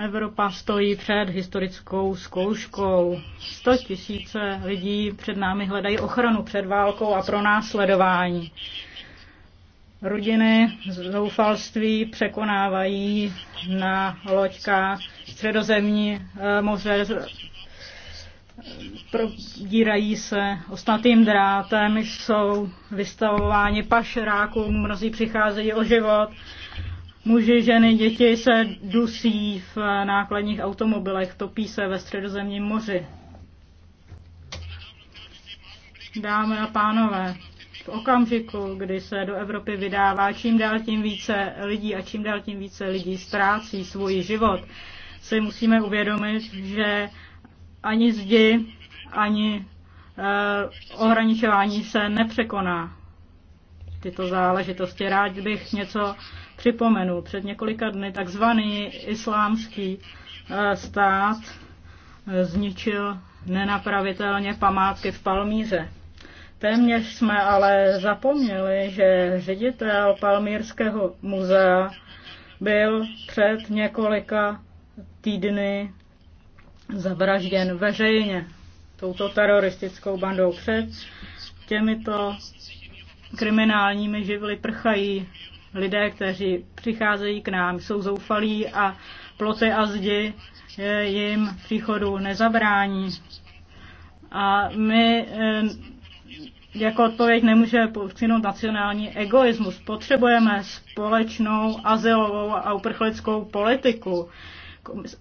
Evropa stojí před historickou zkouškou. 100 tisíce lidí před námi hledají ochranu před válkou a pro následování. Rodiny z zoufalství překonávají na loďkách středozemní eh, moře, prodírají se ostatým drátem, jsou vystavováni pašerákům, mnozí přicházejí o život Muži, ženy, děti se dusí v nákladních automobilech, topí se ve středozemním moři. Dámy a pánové, v okamžiku, kdy se do Evropy vydává čím dál tím více lidí a čím dál tím více lidí ztrácí svůj život, si musíme uvědomit, že ani zdi, ani eh, ohraničování se nepřekoná tyto záležitosti. Rád bych něco připomenul. Před několika dny takzvaný islámský eh, stát eh, zničil nenapravitelně památky v Palmíře. Téměř jsme ale zapomněli, že ředitel Palmírského muzea byl před několika týdny zavražděn veřejně touto teroristickou bandou. Před těmito kriminálními živly prchají lidé, kteří přicházejí k nám, jsou zoufalí a ploty a zdi eh, jim příchodu nezabrání. A my eh, jako odpověď nemůže přijnout nacionální egoismus. Potřebujeme společnou azylovou a uprchlickou politiku.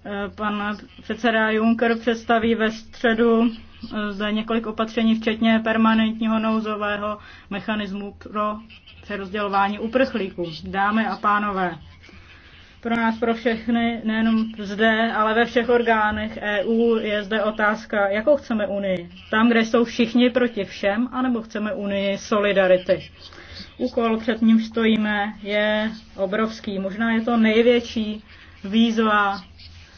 Eh, pan předseda Juncker představí ve středu eh, zde několik opatření, včetně permanentního nouzového mechanismu pro přerozdělování uprchlíků. Dámy a pánové, pro nás, pro všechny, nejenom zde, ale ve všech orgánech EU je zde otázka, jakou chceme Unii. Tam, kde jsou všichni proti všem, anebo chceme Unii solidarity. Úkol, před ním stojíme, je obrovský. Možná je to největší výzva,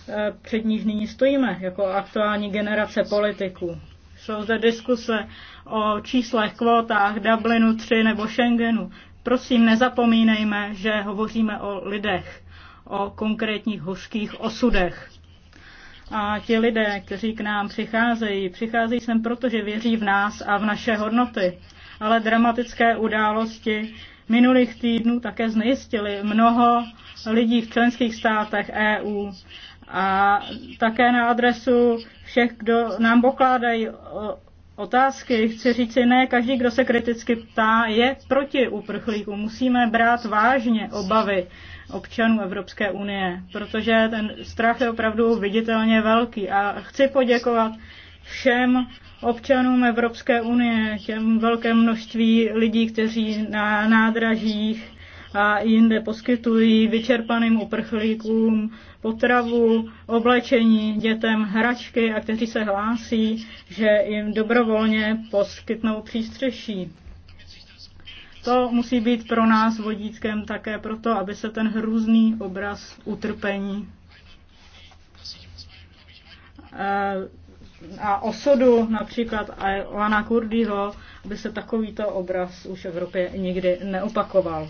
eh, před níž nyní stojíme, jako aktuální generace politiků. Jsou zde diskuse o číslech, kvótách, Dublinu 3 nebo Schengenu. Prosím, nezapomínejme, že hovoříme o lidech, o konkrétních hořkých osudech. A ti lidé, kteří k nám přicházejí, přicházejí sem proto, že věří v nás a v naše hodnoty ale dramatické události minulých týdnů také znejistily mnoho lidí v členských státech EU a také na adresu všech, kdo nám pokládají otázky. Chci říct, ne každý, kdo se kriticky ptá, je proti uprchlíku. Musíme brát vážně obavy občanů Evropské unie, protože ten strach je opravdu viditelně velký. A chci poděkovat všem občanům Evropské unie, těm velké množství lidí, kteří na nádražích a jinde poskytují vyčerpaným uprchlíkům potravu, oblečení, dětem hračky a kteří se hlásí, že jim dobrovolně poskytnou přístřeší. To musí být pro nás vodítkem také proto, aby se ten hrůzný obraz utrpení eh, a osudu například Alana Kurdyho, aby se takovýto obraz už v Evropě nikdy neopakoval.